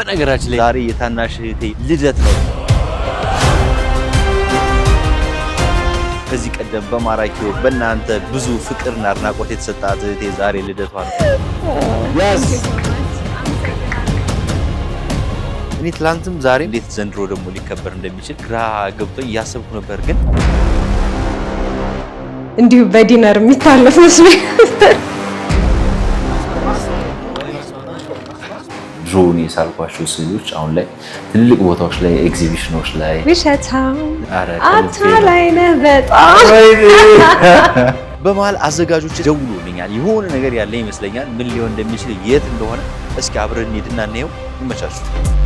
በነገራችን ላይ ዛሬ የታናሽ እህቴ ልደት ነው። ከዚህ ቀደም በማራኪው በእናንተ ብዙ ፍቅርና አድናቆት የተሰጣት እህቴ ዛሬ ልደቷ ነው። እኔ ትላንትም ዛሬ እንዴት ዘንድሮ ደግሞ ሊከበር እንደሚችል ግራ ገብቶ እያሰብኩ ነበር፣ ግን እንዲሁ በዲነር የሚታለፍ መስሎኝ ድሮውን የሳልኳቸው ስዕሎች አሁን ላይ ትልቅ ቦታዎች ላይ ኤግዚቢሽኖች ላይ ላይ በጣም በመሀል አዘጋጆች ደውሎልኛል። የሆነ ነገር ያለ ይመስለኛል። ምን ሊሆን እንደሚችል የት እንደሆነ እስኪ አብረን ሄድና እናየው። ይመቻችሁ።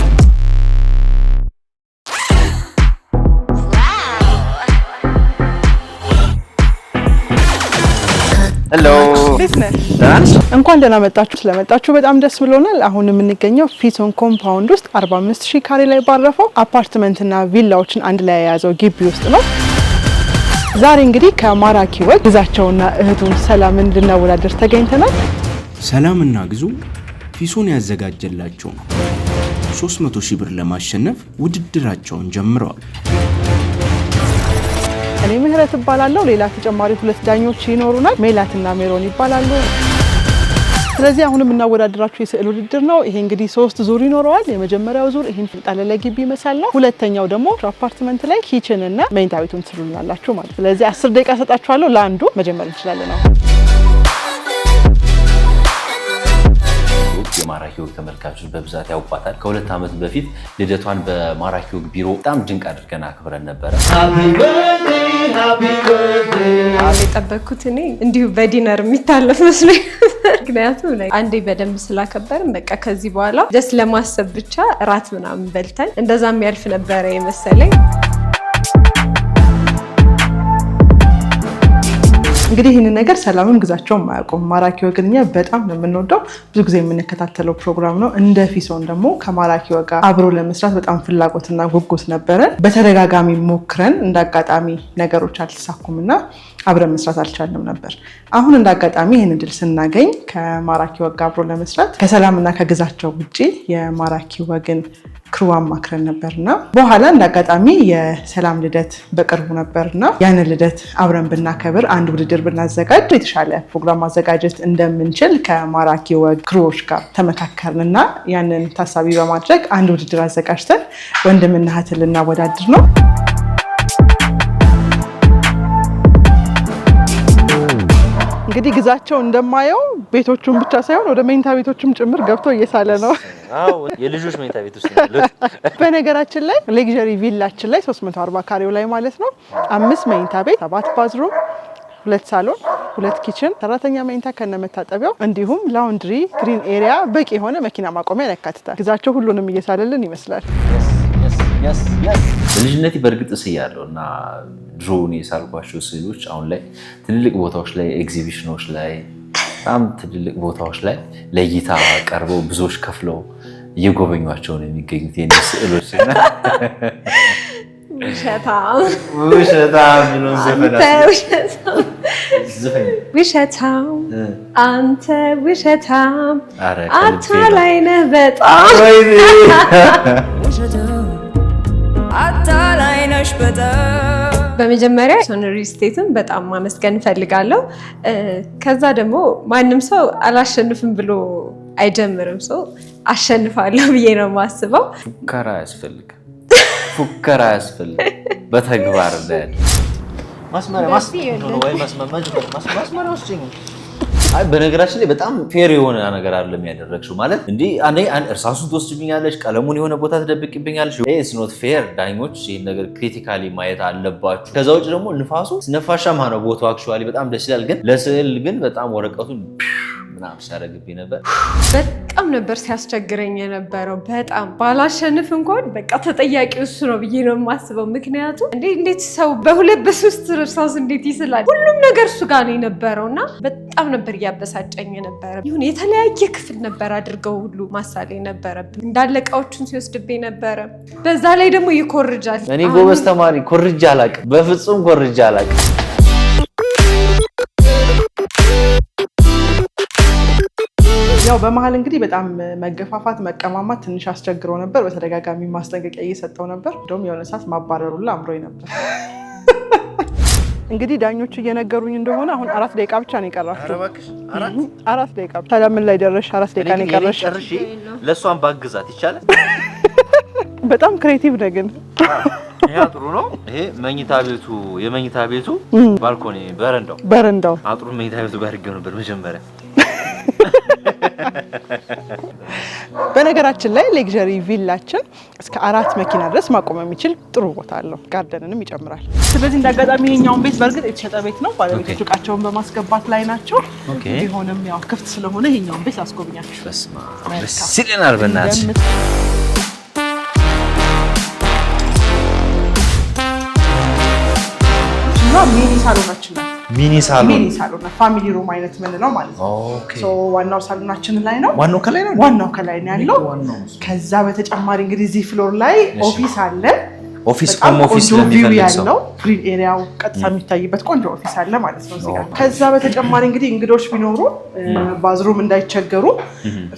ሄሎ፣ እንኳን ደህና መጣችሁ። ስለመጣችሁ በጣም ደስ ብሎናል። አሁን የምንገኘው ፊቶን ኮምፓውንድ ውስጥ 45 ሺህ ካሬ ላይ ባረፈው አፓርትመንትና ቪላዎችን አንድ ላይ የያዘው ግቢ ውስጥ ነው። ዛሬ እንግዲህ ከማራኪ ወግ ግዛቸውና እህቱን ሰላም እንድናወዳደር ተገኝተናል። ሰላምና ግዙ ፊሶን ያዘጋጀላቸው ነው 300 ሺህ ብር ለማሸነፍ ውድድራቸውን ጀምረዋል። እኔ ምህረት እባላለሁ። ሌላ ተጨማሪ ሁለት ዳኞች ይኖሩናል። ሜላትና ሜሮን ይባላሉ። ስለዚህ አሁን የምናወዳደራቸው የስዕል ውድድር ነው። ይሄ እንግዲህ ሶስት ዙር ይኖረዋል። የመጀመሪያው ዙር ይህን ጠለለ ግቢ መሳል ነው። ሁለተኛው ደግሞ አፓርትመንት ላይ ኪችን እና መኝታ ቤቱን ትስሉናላችሁ ማለት። ስለዚህ አስር ደቂቃ ሰጣችኋለሁ። ለአንዱ መጀመር እንችላለን ነው የማራኪ ወግ ተመልካቾች በብዛት ያውቋታል። ከሁለት ዓመት በፊት ልደቷን በማራኪ ወግ ቢሮ በጣም ድንቅ አድርገን አክብረን ነበረ። የጠበኩት እኔ እንዲሁ በዲነር የሚታለፍ መስሎኝ፣ ምክንያቱም አንዴ በደንብ ስላከበርን በቃ ከዚህ በኋላ ደስ ለማሰብ ብቻ እራት ምናምን በልተን እንደዛ የሚያልፍ ነበረ የመሰለኝ። እንግዲህ ይህንን ነገር ሰላምም ግዛቸውም አያውቁም። ማራኪ ወግንኛ በጣም ነው የምንወደው፣ ብዙ ጊዜ የምንከታተለው ፕሮግራም ነው። እንደ ፊሶን ደግሞ ከማራኪ ወጋ አብሮ ለመስራት በጣም ፍላጎትና ጉጉት ነበረን። በተደጋጋሚ ሞክረን እንደ አጋጣሚ ነገሮች አልተሳኩም እና አብረን መስራት አልቻልንም ነበር። አሁን እንደ አጋጣሚ ይህን እድል ስናገኝ ከማራኪ ወግ አብሮ ለመስራት ከሰላምና ከግዛቸው ውጭ የማራኪ ወግን ክሩ አማክረን ነበርና በኋላ እንደ አጋጣሚ የሰላም ልደት በቅርቡ ነበርና ያንን ልደት አብረን ብናከብር አንድ ውድድር ብናዘጋጅ የተሻለ ፕሮግራም ማዘጋጀት እንደምንችል ከማራኪ ወግ ክሩዎች ጋር ተመካከርንና ያንን ታሳቢ በማድረግ አንድ ውድድር አዘጋጅተን ወንድምና እህትን ልናወዳድር ነው። እንግዲህ ግዛቸው እንደማየው ቤቶቹን ብቻ ሳይሆን ወደ መኝታ ቤቶችም ጭምር ገብቶ እየሳለ ነው። የልጆች መኝታ ቤት ውስጥ በነገራችን ላይ ሌግዠሪ ቪላችን ላይ 340 ካሬው ላይ ማለት ነው አምስት መኝታ ቤት፣ ሰባት ባዝሩም፣ ሁለት ሳሎን፣ ሁለት ኪችን፣ ሰራተኛ መኝታ ከነመታጠቢያው እንዲሁም ላውንድሪ፣ ግሪን ኤሪያ፣ በቂ የሆነ መኪና ማቆሚያን ያካትታል። ግዛቸው ሁሉንም እየሳለልን ይመስላል። ልጅነት በእርግጥ ስያለው እና ድሮን የሳልኳቸው ስዕሎች አሁን ላይ ትልልቅ ቦታዎች ላይ ኤግዚቢሽኖች ላይ በጣም ትልልቅ ቦታዎች ላይ ለእይታ ቀርበው ብዙዎች ከፍለው እየጎበኟቸው ነው የሚገኙት የኔ ስዕሎች። ውሸታም አንተ ውሸታም ነህ በጣም በመጀመሪያ ሶነሪ ስቴትን በጣም ማመስገን እፈልጋለሁ። ከዛ ደግሞ ማንም ሰው አላሸንፍም ብሎ አይጀምርም። ሰው አሸንፋለሁ ብዬ ነው የማስበው። ፉከራ ያስፈልግ ፉከራ ያስፈልግ በተግባር ላይ አይ በነገራችን ላይ በጣም ፌር የሆነ ነገር አይደለም ያደረግሽው። ማለት እንዲህ እርሳሱን ትወስድብኛለች፣ ቀለሙን የሆነ ቦታ ትደብቅብኛለች። ስኖት ፌር። ዳኞች ይህን ነገር ክሪቲካሊ ማየት አለባችሁ። ከዛ ውጭ ደግሞ ንፋሱ ነፋሻማ ነው ቦታው። አክቹዋሊ በጣም ደስ ይላል፣ ግን ለስዕል ግን በጣም ወረቀቱን ምናም ሲያደርግብኝ ነበር። በጣም ነበር ሲያስቸግረኝ የነበረው። በጣም ባላሸንፍ እንኳን በቃ ተጠያቂ እሱ ነው ብዬ ነው የማስበው። ምክንያቱም እንዴት ሰው በሁለት በሶስት እርሳስ እንዴት ይስላል? ሁሉም ነገር እሱ ጋር ነው የነበረው እና በጣም ነበር እያበሳጨኝ ነበረ። ይሁን የተለያየ ክፍል ነበር አድርገው ሁሉ ማሳሌ ነበረብን። እንዳለቃዎቹን እቃዎቹን ሲወስድብኝ ነበረ። በዛ ላይ ደግሞ ይኮርጃል። እኔ ጎበዝ ተማሪ ኮርጃ አላውቅም፣ በፍጹም ኮርጃ አላውቅም። ያው በመሀል እንግዲህ በጣም መገፋፋት መቀማማት ትንሽ አስቸግረው ነበር። በተደጋጋሚ ማስጠንቀቂያ እየሰጠው ነበር። እንደውም የሆነ ሰዓት ማባረሩላ አምሮኝ ነበር። እንግዲህ ዳኞቹ እየነገሩኝ እንደሆነ አሁን አራት ደቂቃ ብቻ ነው የቀራችሁ። አራት ደቂቃ ብቻ ለምን ላይ ደረሽ? አራት ደቂቃ ነው የቀረሽ። ለእሷን ባግዛት ይቻላል። በጣም ክሬቲቭ ነህ ግን አጥሩ ነው ይሄ። መኝታ ቤቱ የመኝታ ቤቱ ባልኮኒ በረንዳው በረንዳው አጥሩ መኝታ ቤቱ ጋር ይገኙ ነበር መጀመሪያ በነገራችን ላይ ሌግዠሪ ቪላችን እስከ አራት መኪና ድረስ ማቆም የሚችል ጥሩ ቦታ አለው፣ ጋርደንንም ይጨምራል። ስለዚህ እንደ አጋጣሚ ቤት በእርግጥ የተሸጠ ቤት ነው፣ ባለቤቶቹ እቃቸውን በማስገባት ላይ ናቸው። ቢሆንም ያው ክፍት ስለሆነ ይሄኛውን ቤት አስጎብኛችሁ ሚኒ ሳሎናችን ሚኒ ሳሎን ፋሚሊ ሩም አይነት የምንለው ማለት ነው። ዋናው ሳሎናችን ላይ ነው። ዋናው ከላይ ነው። ዋናው ከላይ ነው ያለው። ከዛ በተጨማሪ እንግዲህ እዚህ ፍሎር ላይ ኦፊስ አለ። ኦፊስ ኮም ኦፊስ ለሚፈልግ ያለው ግሪን ኤሪያው ቀጥታ የሚታይበት ቆንጆ ኦፊስ አለ ማለት ነው እዚህ ጋር። ከዛ በተጨማሪ እንግዲህ እንግዶች ቢኖሩ ባዝሩም እንዳይቸገሩ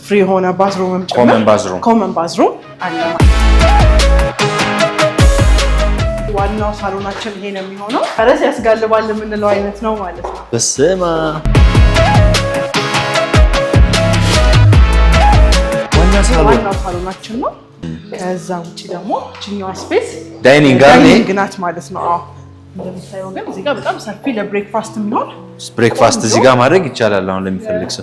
ፍሪ የሆነ ባዝሩም ጭምር ኮመን ባዝሩም አለ ማለት ነው። ዋናው ሳሎናችን ይሄ ነው የሚሆነው። ፈረስ ያስጋልባል የምንለው አይነት ነው ማለት ነው። በስማ ዋናው ሳሎናችን ነው። ከዛ ውጭ ደግሞ ችኛዋ ስፔስ ዳይኒንግ ግናት ማለት ነው። እንደምታየው ግን እዚህ ጋር በጣም ሰፊ ለብሬክፋስት የሚሆን ብሬክፋስት እዚህ ጋር ማድረግ ይቻላል። አሁን ለሚፈልግ ሰው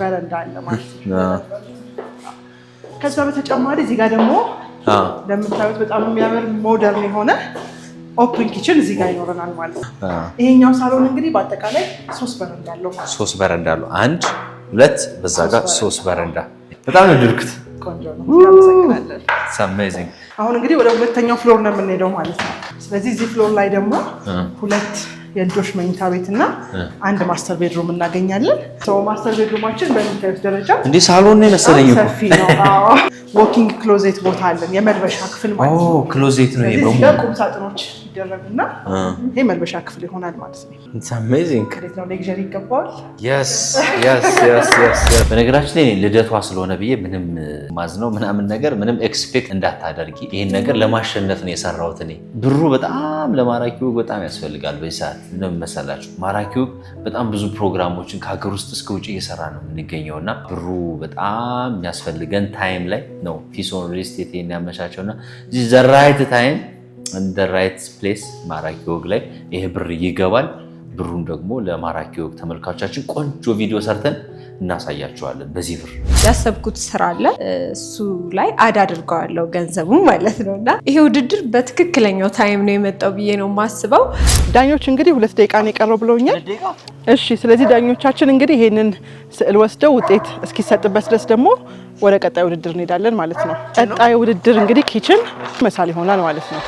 ከዛ በተጨማሪ እዚህ ጋር ደግሞ እንደምታዩት በጣም የሚያምር ሞደርን የሆነ ኦፕን ኪችን እዚህ ጋር ይኖረናል ማለት ነው። ይሄኛው ሳሎን እንግዲህ በአጠቃላይ ሶስት በረንዳ አለው ማለት ነው። ሶስት በረንዳ አለው። አንድ ሁለት፣ በዛ ጋር ሶስት በረንዳ በጣም ነው ድርክት። ቆንጆ አሁን እንግዲህ ወደ ሁለተኛው ፍሎር ነው የምንሄደው ማለት ነው። ስለዚህ እዚህ ፍሎር ላይ ደግሞ ሁለት የልጆች መኝታ ቤት እና አንድ ማስተር ቤድሩም እናገኛለን። ማስተር ቤድሩማችን በሚታዩት ደረጃ እንደ ሳሎን ነው የመሰለኝ። ሰፊ ነው። ዎኪንግ ክሎዜት ቦታ አለን። የመልበሻ ክፍል ማለት ነው። ክሎዜት ነው ቁም ሳጥኖች ይደረግና ይሄ መልበሻ ክፍል ይሆናል ማለት ነው። ሌክዠሪ ይገባዋል። በነገራችን ላይ ልደቷ ስለሆነ ብዬ ምንም ማዝነው ምናምን ነገር ምንም ኤክስፔክት እንዳታደርጊ ይህን ነገር ለማሸነፍ ነው የሰራሁት እኔ። ብሩ በጣም ለማራኪው በጣም ያስፈልጋል በዚህ ሰዓት ነው የሚመሰላችሁ። ማራኪው በጣም ብዙ ፕሮግራሞችን ከሀገር ውስጥ እስከ ውጭ እየሰራ ነው የምንገኘው እና ብሩ በጣም የሚያስፈልገን ታይም ላይ ነው ፊሶን ሪል ያመቻቸው እና እዚህ ዘራይት ታይም እንደ ራይት ፕሌስ ማራኪ ወግ ላይ ይሄ ብር ይገባል። ብሩን ደግሞ ለማራኪ ወግ ተመልካቾቻችን ቆንጆ ቪዲዮ ሰርተን እናሳያቸዋለን። በዚህ ብር ያሰብኩት ስራ አለ እሱ ላይ አድ አድርገዋለሁ ገንዘቡ ማለት ነው። እና ይሄ ውድድር በትክክለኛው ታይም ነው የመጣው ብዬ ነው የማስበው። ዳኞች እንግዲህ ሁለት ደቂቃ ነው የቀረው ብለውኛል። እሺ፣ ስለዚህ ዳኞቻችን እንግዲህ ይሄንን ስዕል ወስደው ውጤት እስኪሰጥበት ድረስ ደግሞ ወደ ቀጣይ ውድድር እንሄዳለን ማለት ነው። ቀጣይ ውድድር እንግዲህ ኪችን መሳል ይሆናል ማለት ነው።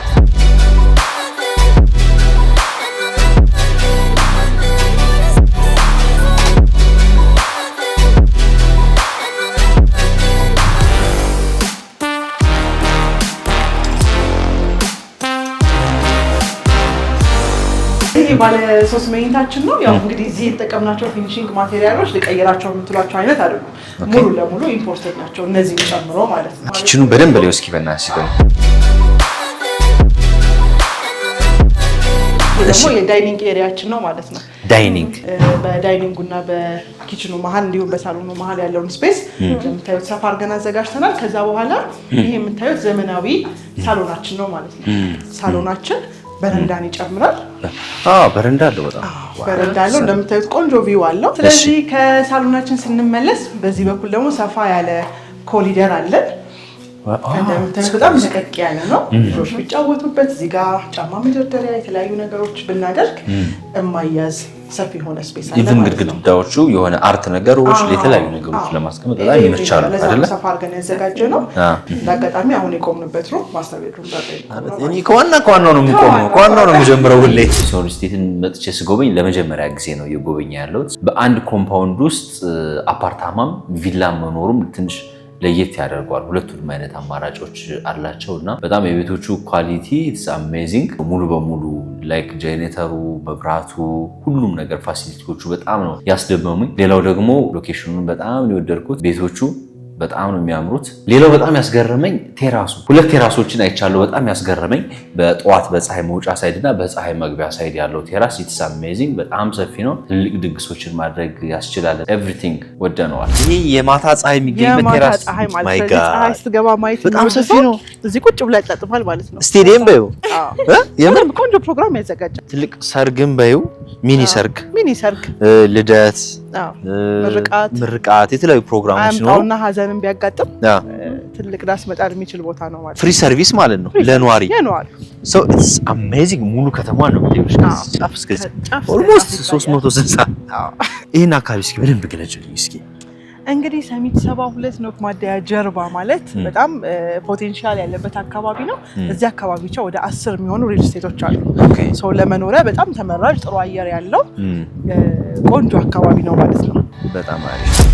ይሄ ባለ ሶስት መኝታችን ነው። ያው እንግዲህ እዚህ የተጠቀምናቸው ፊኒሽንግ ማቴሪያሎች ልቀይራቸው የምትሏቸው አይነት አይደሉም። ሙሉ ለሙሉ ኢምፖርተድ ናቸው፣ እነዚህ ጨምሮ ማለት ነው። ኪችኑ በደንብ ላይ እስኪ በእናትሽ ሲሆን ደግሞ የዳይኒንግ ኤሪያችን ነው ማለት ነው። ዳይኒንግ በዳይኒንጉ እና በኪችኑ መሀል እንዲሁም በሳሎኑ መሀል ያለውን ስፔስ እንደምታዩት ሰፋ አድርገን አዘጋጅተናል። ከዛ በኋላ ይሄ የምታዩት ዘመናዊ ሳሎናችን ነው ማለት ነው። ሳሎናችን በረንዳን ይጨምራል። በረንዳ አለው፣ በጣም በረንዳ አለው። እንደምታዩት ቆንጆ ቪው አለው። ስለዚህ ከሳሎናችን ስንመለስ በዚህ በኩል ደግሞ ሰፋ ያለ ኮሊደር አለን። እንደምታዩት በጣም ዘቀቅ ያለ ነው። ልጆች ቢጫወቱበት እዚህ ጋር ጫማ መደርደሪያ፣ የተለያዩ ነገሮች ብናደርግ እማያዝ ሰፊ የሆነ ስፔስ አለ። ኢቭን ግድግዳዎቹ የሆነ አርት ነገሮች የተለያዩ ነገሮች ለማስቀመጥ በጣም ይመቻሉ። ሰፋ አድርገን ያዘጋጀ ነው። እንዳጋጣሚ አሁን የቆምንበት ነው ማስተር ቤድሩም። ከዋና ከዋናው ነው የሚቆመው፣ ከዋናው ነው የሚጀምረው። ሁሌ ሶል ስቴትን መጥቼ ስጎበኝ ለመጀመሪያ ጊዜ ነው የጎበኛ ያለሁት። በአንድ ኮምፓውንድ ውስጥ አፓርታማም ቪላ መኖሩም ትንሽ ለየት ያደርገዋል። ሁለቱንም አይነት አማራጮች አላቸው እና በጣም የቤቶቹ ኳሊቲ ኢትስ አሜዚንግ ሙሉ በሙሉ ላይክ ጄኔተሩ፣ መብራቱ፣ ሁሉም ነገር ፋሲሊቲዎቹ በጣም ነው ያስደመሙኝ። ሌላው ደግሞ ሎኬሽኑን በጣም የወደድኩት ቤቶቹ በጣም ነው የሚያምሩት። ሌላው በጣም ያስገረመኝ ቴራሱ ሁለት ቴራሶችን አይቻለሁ። በጣም ያስገረመኝ በጠዋት በፀሐይ መውጫ ሳይድ እና በፀሐይ መግቢያ ሳይድ ያለው ቴራስ ኢትስ አሜዚንግ፣ በጣም ሰፊ ነው። ትልቅ ድግሶችን ማድረግ ያስችላል። ኤቭሪቲንግ ወደነዋል። ይህ የማታ ፀሐይ የሚገኝበት ቴራስ ፀሐይ ስትገባ ማየት በጣም ሰፊ ነው። እዚህ ቁጭ ብላ ያጣጥማል ማለት ነው። ስቴዲየም በዩ የምር ቆንጆ ፕሮግራም ያዘጋጃል። ትልቅ ሰርግም በዩ ሚኒ ሰርግ ሚኒ ሰርግ ልደት ምርቃት፣ የተለያዩ ፕሮግራሞች ነው እና ሀዘንም ቢያጋጥም ትልቅ ዳስ መጣል የሚችል ቦታ ነው ማለት ፍሪ ሰርቪስ ማለት ነው ለኗሪ ሰው አሜዚንግ። ሙሉ ከተማ ነው ጫፍ እስከዚህ ኦልሞስት ሶስት መቶ 360 ይህን አካባቢ እስኪ በደንብ ገለጭልኝ እስኪ እንግዲህ ሰሚት ሰባ ሁለት ኖክ ማደያ ጀርባ ማለት በጣም ፖቴንሻል ያለበት አካባቢ ነው። እዚህ አካባቢ ብቻ ወደ አስር የሚሆኑ ሪል ስቴቶች አሉ። ሰው ለመኖሪያ በጣም ተመራጭ ጥሩ አየር ያለው ቆንጆ አካባቢ ነው ማለት ነው። በጣም አሪፍ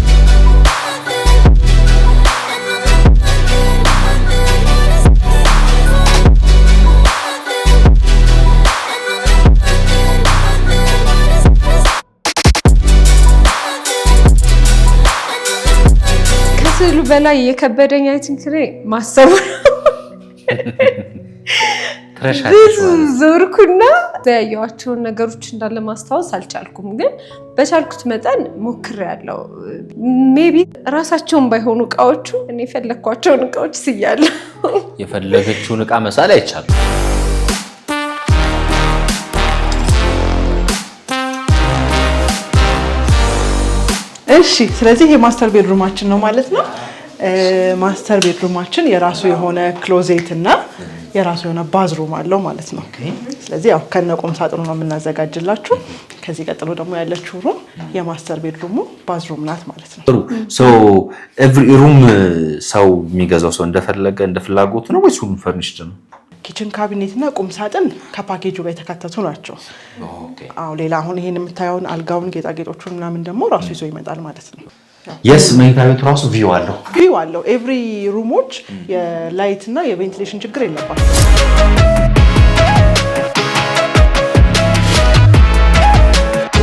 በላይ የከበደኝ አይ ቲንክ እኔ ማሰቡ ብዙ ዞርኩና ያየኋቸውን ነገሮች እንዳለ ማስታወስ አልቻልኩም፣ ግን በቻልኩት መጠን ሞክሬያለሁ። ሜቢ እራሳቸውን ባይሆኑ እቃዎቹ እኔ የፈለግኳቸውን እቃዎች ስያለሁ። የፈለገችውን እቃ መሳል አይቻልም። እሺ፣ ስለዚህ የማስተር ቤድሩማችን ነው ማለት ነው። ማስተር ቤድሩማችን የራሱ የሆነ ክሎዜት እና የራሱ የሆነ ባዝሩም አለው ማለት ነው። ስለዚህ ያው ቁም ሳጥኑ ነው የምናዘጋጅላችሁ። ከዚህ ቀጥሎ ደግሞ ያለችው ሩም የማስተር ቤድሩሙ ባዝሩም ናት ማለት ነው። ጥሩ ኤቭሪ ሩም ሰው የሚገዛው ሰው እንደፈለገ እንደ ፍላጎቱ ነው ወይስ ሁሉም ፈርኒሽድ ነው? ኪችን ካቢኔት እና ቁም ሳጥን ከፓኬጁ ጋር የተካተቱ ናቸው። አዎ ሌላ አሁን ይሄን የምታየውን አልጋውን፣ ጌጣጌጦቹን ምናምን ደግሞ ራሱ ይዞ ይመጣል ማለት ነው። የስ መኝታ ቤቱ ራሱ ቪው አለው ቪው አለው። ኤቭሪ ሩሞች የላይት እና የቬንቲሌሽን ችግር የለባቸው።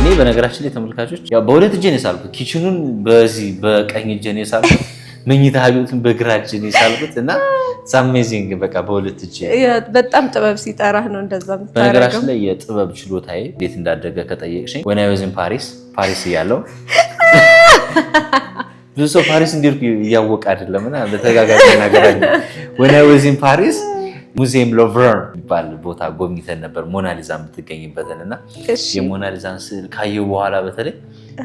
እኔ በነገራችን ላይ ተመልካቾች በሁለት እጄ ነው ኪችኑን በዚህ በቀኝ እጄ ነው መኝታ ቤቱን በግራ የሳልኩት እና ሳሜዚንግ በቃ በሁለት እጄ በጣም ጥበብ ሲጠራህ ነው እንደዛ። በነገራችን ላይ የጥበብ ችሎታዬ እንዴት እንዳደገ ከጠየቅሽኝ ወናወዝን ፓሪስ ፓሪስ እያለው ብዙ ሰው ፓሪስ እንዲርኩ እያወቅ አይደለም እና በተጋጋሚ እናገራለን። ወናወዚን ፓሪስ ሙዚየም ሎቭር የሚባል ቦታ ጎብኝተን ነበር፣ ሞናሊዛ የምትገኝበትን እና የሞናሊዛን ስዕል ካየው በኋላ በተለይ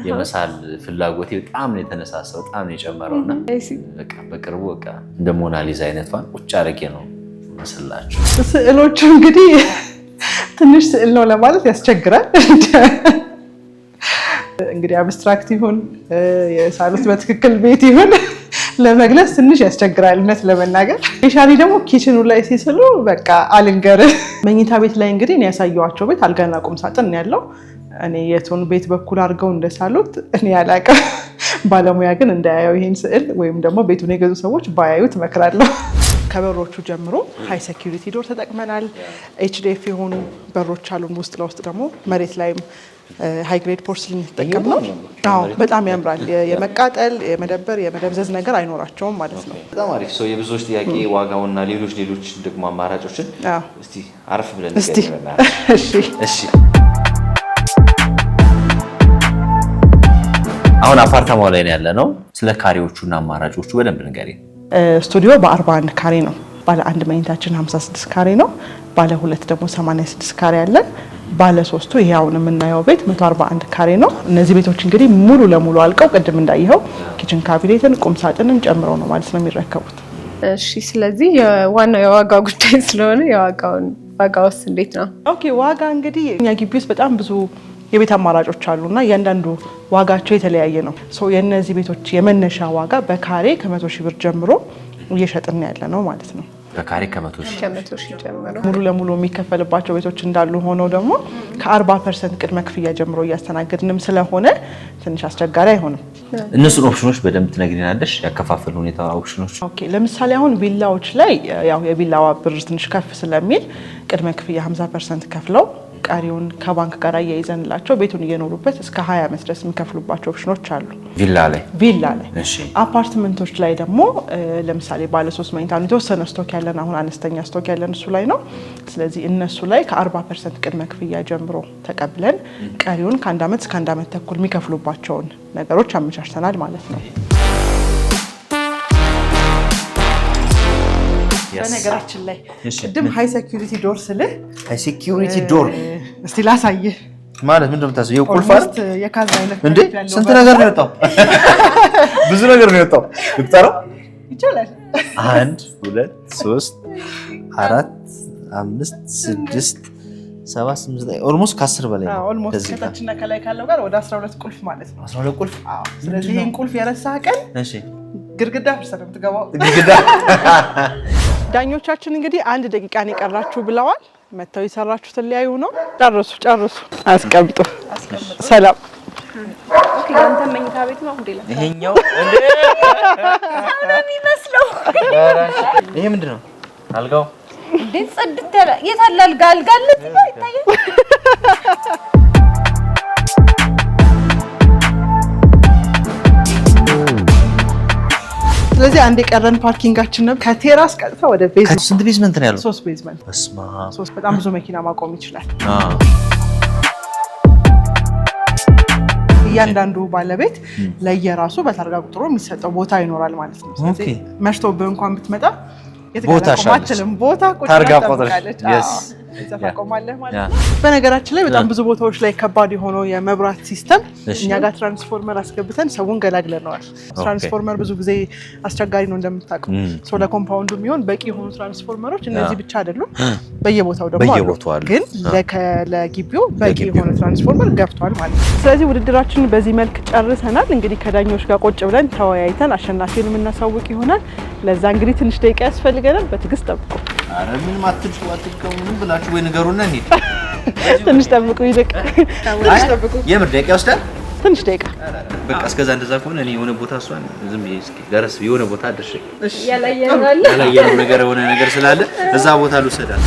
የመሳል ፍላጎቴ በጣም ነው የተነሳሳው፣ በጣም ነው የጨመረው እና በቅርቡ በቃ እንደ ሞናሊዛ አይነቷን ቁጭ አድርጌ ነው መስላቸው። ስዕሎቹ እንግዲህ ትንሽ ስዕል ነው ለማለት ያስቸግራል። እንግዲህ አብስትራክት ይሁን የሳሉት በትክክል ቤት ይሁን ለመግለጽ ትንሽ ያስቸግራል፣ እውነት ለመናገር ስፔሻሊ ደግሞ ኪችኑ ላይ ሲስሉ በቃ አልንገር። መኝታ ቤት ላይ እንግዲህ እኔ ያሳየኋቸው ቤት አልጋና ቁም ሳጥን ያለው እኔ የቱን ቤት በኩል አድርገው እንደሳሉት እኔ አላውቅም። ባለሙያ ግን እንዳያየው ይሄን ስዕል ወይም ደግሞ ቤቱን የገዙ ሰዎች ባያዩት እመክራለሁ። ከበሮቹ ጀምሮ ሀይ ሴኪሪቲ ዶር ተጠቅመናል። ኤችዲኤፍ የሆኑ በሮች አሉን። ውስጥ ለውስጥ ደግሞ መሬት ላይም ሀይ ግሬድ ፖርስሊን ተጠቀም ነው። አዎ በጣም ያምራል። የመቃጠል የመደበር የመደብዘዝ ነገር አይኖራቸውም ማለት ነው። በጣም አሪፍ ሰው። የብዙዎች ጥያቄ ዋጋውና ሌሎች ሌሎች ደግሞ አማራጮችን እስቲ አረፍ ብለን እስቲ እሺ እሺ አሁን አፓርታማው ላይ ያለ ነው። ስለ ካሬዎቹና አማራጮቹ በደንብ ንገሪኝ። ስቱዲዮ በ41 ካሬ ነው። ባለ አንድ መኝታችን 56 ካሬ ነው። ባለ ሁለት ደግሞ 86 ካሬ አለን። ባለ ሶስቱ ይሄ አሁን የምናየው ቤት 141 ካሬ ነው። እነዚህ ቤቶች እንግዲህ ሙሉ ለሙሉ አልቀው ቅድም እንዳየኸው ኪችን ካቢኔትን ቁም ሳጥንን ጨምሮ ነው ማለት ነው የሚረከቡት። እሺ፣ ስለዚህ ዋናው የዋጋ ጉዳይ ስለሆነ የዋጋውን ውስጥ እንዴት ነው? ኦኬ ዋጋ እንግዲህ እኛ ግቢ ውስጥ በጣም ብዙ የቤት አማራጮች አሉና እያንዳንዱ ዋጋቸው የተለያየ ነው። የእነዚህ ቤቶች የመነሻ ዋጋ በካሬ ከመቶ ሺህ ብር ጀምሮ እየሸጥን ያለ ነው ማለት ነው። በካሬ ከመቶ ሺህ ጀምሮ ሙሉ ለሙሉ የሚከፈልባቸው ቤቶች እንዳሉ ሆነው ደግሞ ከአርባ ፐርሰንት ቅድመ ክፍያ ጀምሮ እያስተናገድንም ስለሆነ ትንሽ አስቸጋሪ አይሆንም። እነሱን ኦፕሽኖች በደንብ ትነግሪናለሽ? ያከፋፈል ሁኔታ ኦፕሽኖች። ኦኬ ለምሳሌ አሁን ቪላዎች ላይ ያው የቪላዋ ብር ትንሽ ከፍ ስለሚል ቅድመ ክፍያ 50 ፐርሰንት ከፍለው ቀሪውን ከባንክ ጋር አያይዘንላቸው ቤቱን እየኖሩበት እስከ ሀያ ዓመት ድረስ የሚከፍሉባቸው ኦፕሽኖች አሉ። ቪላ ላይ ቪላ ላይ አፓርትመንቶች ላይ ደግሞ ለምሳሌ ባለ ሶስት መኝታ የተወሰነ ስቶክ ያለን አሁን አነስተኛ ስቶክ ያለን እሱ ላይ ነው። ስለዚህ እነሱ ላይ ከ40 ፐርሰንት ቅድመ ክፍያ ጀምሮ ተቀብለን ቀሪውን ከአንድ ዓመት እስከ አንድ ዓመት ተኩል የሚከፍሉባቸውን ነገሮች አመቻችተናል ማለት ነው። በነገራችን ላይ ቅድም ሃይ ሴኪሪቲ ዶር ስልህ ሃይ ሴኪሪቲ ዶር እስቲ ላሳይህ። ማለት ምንድን ነው የምታስበው? የቁልፍ አይደል? የካዝ አይነት እንዴ! ስንት ነገር ነው የወጣው? ብዙ ነገር ነው የወጣው። ልቁጠረው ይቻላል። አንድ ሁለት ሶስት አራት አምስት ስድስት ሰባት ስምንት ዘጠኝ ኦልሞስት ከአስር በላይ ነው። ከታችና ከላይ ካለው ጋር ወደ አስራ ሁለት ቁልፍ ማለት ነው። አስራ ሁለት ቁልፍ። ስለዚህ ይህን ቁልፍ የረሳህ ቀን ግድግዳ ፍርሰህ ነው የምትገባው። ግድግዳ ዳኞቻችን እንግዲህ አንድ ደቂቃ ነው የቀራችሁ ብለዋል። መጥተው የሰራችሁትን ሊያዩ ነው። ጨርሱ ጨርሱ፣ አስቀምጡ። ሰላም ይሄኛው የሚመስለው ይሄ ምንድን ነው? አልጋው እንዴት ጸድት ያለ የታለ አልጋ አልጋ ስለዚህ አንድ የቀረን ፓርኪንጋችን ነው። ከቴራስ ቀጥታ ወደ ቤዝመንት። ስንት ቤዝመንት ነው ያለው? ሶስት ቤዝመንት። በጣም ብዙ መኪና ማቆም ይችላል። እያንዳንዱ ባለቤት ለየራሱ በታርጋ ቁጥሩ የሚሰጠው ቦታ ይኖራል ማለት ነው። ስለዚህ መሽቶብህ እንኳን ብትመጣ የተቀመጥኩ ቦታ ቁጭ ታርጋ ታቆማለህ ማለት ነው። በነገራችን ላይ በጣም ብዙ ቦታዎች ላይ ከባድ የሆነው የመብራት ሲስተም እኛ ጋር ትራንስፎርመር አስገብተን ሰውን ገላግለነዋል። ትራንስፎርመር ብዙ ጊዜ አስቸጋሪ ነው እንደምታውቀው። ሰው ለኮምፓውንዱ የሚሆን በቂ የሆኑ ትራንስፎርመሮች እነዚህ ብቻ አይደሉም፣ በየቦታው ደግሞ ግን ለግቢው በቂ የሆነ ትራንስፎርመር ገብቷል ማለት ነው። ስለዚህ ውድድራችንን በዚህ መልክ ጨርሰናል። እንግዲህ ከዳኞች ጋር ቁጭ ብለን ተወያይተን አሸናፊውን የምናሳውቅ ይሆናል። ለዛ እንግዲህ ትንሽ ደቂቃ ያስፈልገናል። በትዕግስት ጠብቁ። ኧረ ምንም አትጭ አትቀሙ ምን ብላችሁ ወይ ንገሩና እንሂድ። ትንሽ ጠብቁ፣ ይልቅ ትንሽ ጠብቁ። የምር ደቂቃ ይወስዳል። ትንሽ ደቂቃ በቃ እስከዛ እንደዛ ከሆነ እኔ የሆነ ቦታ እሷን ዝም ብዬ እስኪ ደረስ የሆነ ቦታ አድርሼ ያላየነው ነገር የሆነ ነገር ስላለ እዛ ቦታ ልውሰዳል።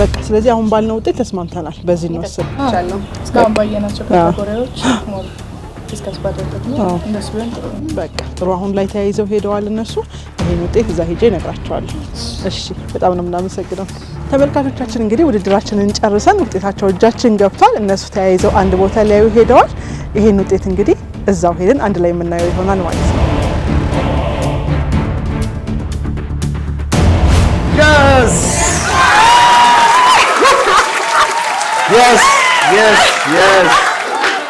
በቃ ስለዚህ አሁን ባልነው ውጤት ተስማምተናል። በዚህ ነው ወሰድ እስካሁን ባየናቸው ካቴጎሪዎች በቃ ጥሩ አሁን ላይ ተያይዘው ሄደዋል እነሱ። ይህን ውጤት እዛ ሄጄ እነግራቸዋለሁ። እሺ፣ በጣም ነው የምናመሰግነው። ተመልካቾቻችን እንግዲህ ውድድራችንን ጨርሰን ውጤታቸው እጃችን ገብቷል። እነሱ ተያይዘው አንድ ቦታ ሊያዩ ሄደዋል። ይህን ውጤት እንግዲህ እዛው ሄደን አንድ ላይ የምናየው ይሆናል ማለት ነው። Yes! Yes! Yes!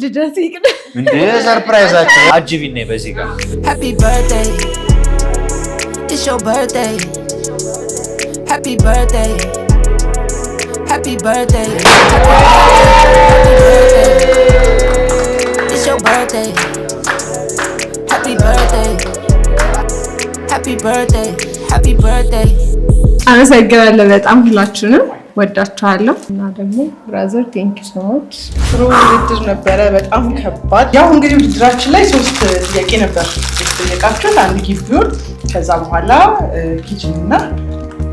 ልደት ይቅድ እንዴ ሰርፕራይዛቸው አጅቢና በዚህ ጋር አመሰግናለሁ በጣም ሁላችሁንም። ወዳችኋለሁ እና ደግሞ ብራዘር ቴንኪ ሶሞች ጥሩ ውድድር ነበረ። በጣም ከባድ። ያው እንግዲህ ውድድራችን ላይ ሶስት ጥያቄ ነበር የተጠየቃችሁት። አንድ ጊቢውን ከዛ በኋላ ኪችን እና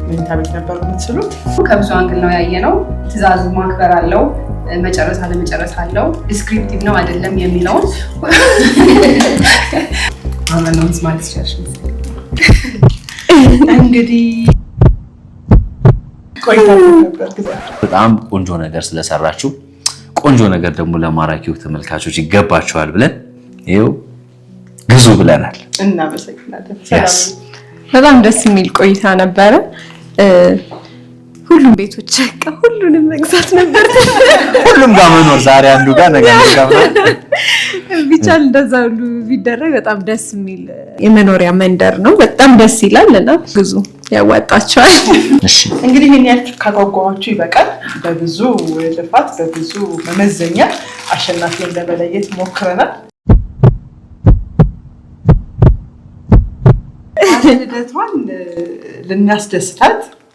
መኝታ ቤት ነበር የምትስሉት። ከብዙ አንግል ነው ያየነው። ትዕዛዙ ማክበር አለው መጨረስ አለመጨረስ አለው። ዲስክሪፕቲቭ ነው አይደለም የሚለውን እንግዲህ በጣም ቆንጆ ነገር ስለሰራችሁ ቆንጆ ነገር ደግሞ ለማራኪው ተመልካቾች ይገባቸዋል ብለን ይኸው ግዙ ብለናል። እናመሰግናለን። በጣም ደስ የሚል ቆይታ ነበረ። ሁሉም ቤቶች በቃ ሁሉንም መግዛት ነበር። ሁሉም ጋር መኖር ዛሬ አንዱ ጋር ነገ ቢቻል እንደዛ ሁሉ ቢደረግ በጣም ደስ የሚል የመኖሪያ መንደር ነው። በጣም ደስ ይላል እና ብዙ ያዋጣቸዋል። እንግዲህ ይህን ያህል ካጓጓችሁ ይበቃል። በብዙ ልፋት በብዙ መመዘኛ አሸናፊ ለመለየት ሞክረናል። ልደቷን ልናስደስታት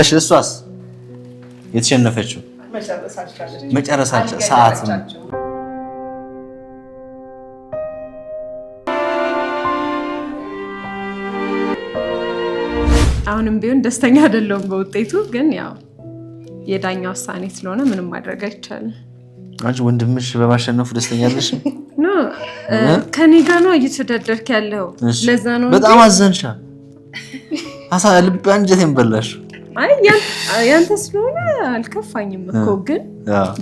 እሺ እሷስ የተሸነፈችው መጨረሳቸው ሰዓት ነው። አሁንም ቢሆን ደስተኛ አይደለሁም በውጤቱ። ግን ያው የዳኛ ውሳኔ ስለሆነ ምንም ማድረግ አይቻልም። አንቺ ወንድምሽ በማሸነፉ ደስተኛ ነሽ? ከኔ ጋር ነው እየተዳደርክ ያለው። ለዛ ነው በጣም አዘንሻ። ልብ አንጀቴን በላሽ። አይ ያንተ ስለሆነ አልከፋኝም እኮ ግን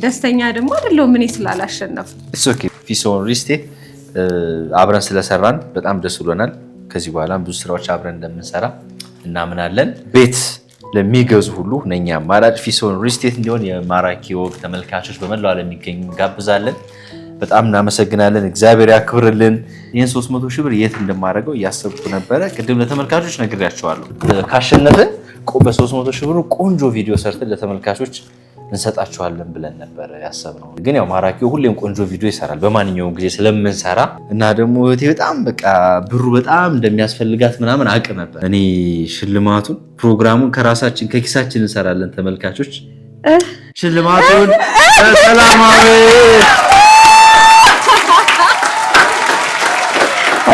ደስተኛ ደግሞ አይደለሁም እኔ ስላላሸነፍኩ። ፊሶ ሪል eh? አብረን ስለሰራን በጣም ደስ ብሎናል። ከዚህ በኋላ ብዙ ስራዎች አብረን እንደምንሰራ እናምናለን። ቤት ለሚገዙ ሁሉ ነኛ አማራጭ ፊሶን ሪስቴት እንዲሆን የማራኪ ወግ ተመልካቾች በመላው ዓለም የሚገኙ እንጋብዛለን። በጣም እናመሰግናለን። እግዚአብሔር ያክብርልን። ይህን 300 ሺህ ብር የት እንደማደርገው እያሰብኩ ነበረ። ቅድም ለተመልካቾች ነግሬያቸዋለሁ። ካሸነፍን በ300 ሺህ ቆንጆ ቪዲዮ ሰርተን ለተመልካቾች እንሰጣቸዋለን ብለን ነበር ያሰብነው። ግን ያው ማራኪው ሁሌም ቆንጆ ቪዲዮ ይሰራል በማንኛውም ጊዜ ስለምንሰራ እና ደግሞ እህቴ በጣም በቃ ብሩ በጣም እንደሚያስፈልጋት ምናምን አቅ ነበር። እኔ ሽልማቱን ፕሮግራሙን ከራሳችን ከኪሳችን እንሰራለን። ተመልካቾች ሽልማቱን ሰላማዊ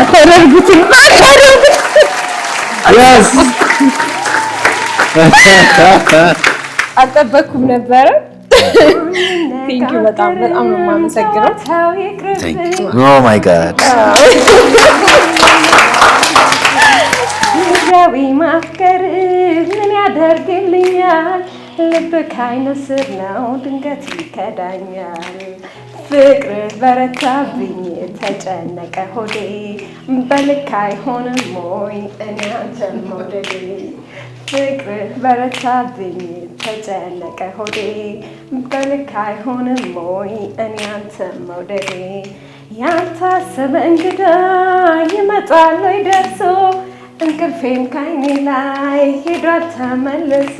አታደርጉትም አልጠበኩም ነበረ። ቴንኪው በጣም በጣም ነው የማመሰግነው። ኦ ማይ ጋድ ዊ ማፍቀር ምን ያደርግልኛል? ልብ ከዓይነ ስር ነው ድንገት ይከዳኛል። ፍቅር በረታብኝ ተጨነቀ ሆዴ በልክ አይሆንም ወይ እኔ አንተን መውደዴ ፍቅር በረታብኝ ተጨነቀ ሆዴ በልክ አይሆንም ሞይ እኔ አንተ መውደዴ ያልታሰበ እንግዳ ይመጣል ወይ ደርሶ እንቅልፌም ካይኔ ላይ ሄዷል ተመልሶ